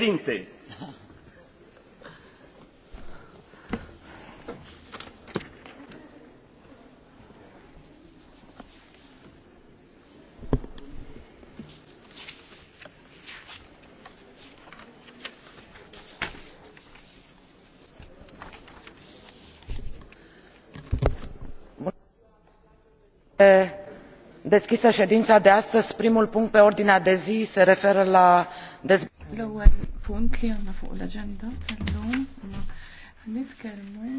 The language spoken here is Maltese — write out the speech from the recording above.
Rinte. Eh, deschisă ședința de astăzi primul punct pe ordinea de zi se referă la dezbaterea punt li għanna fuq l-agenda tal-lum. Nitkellmu.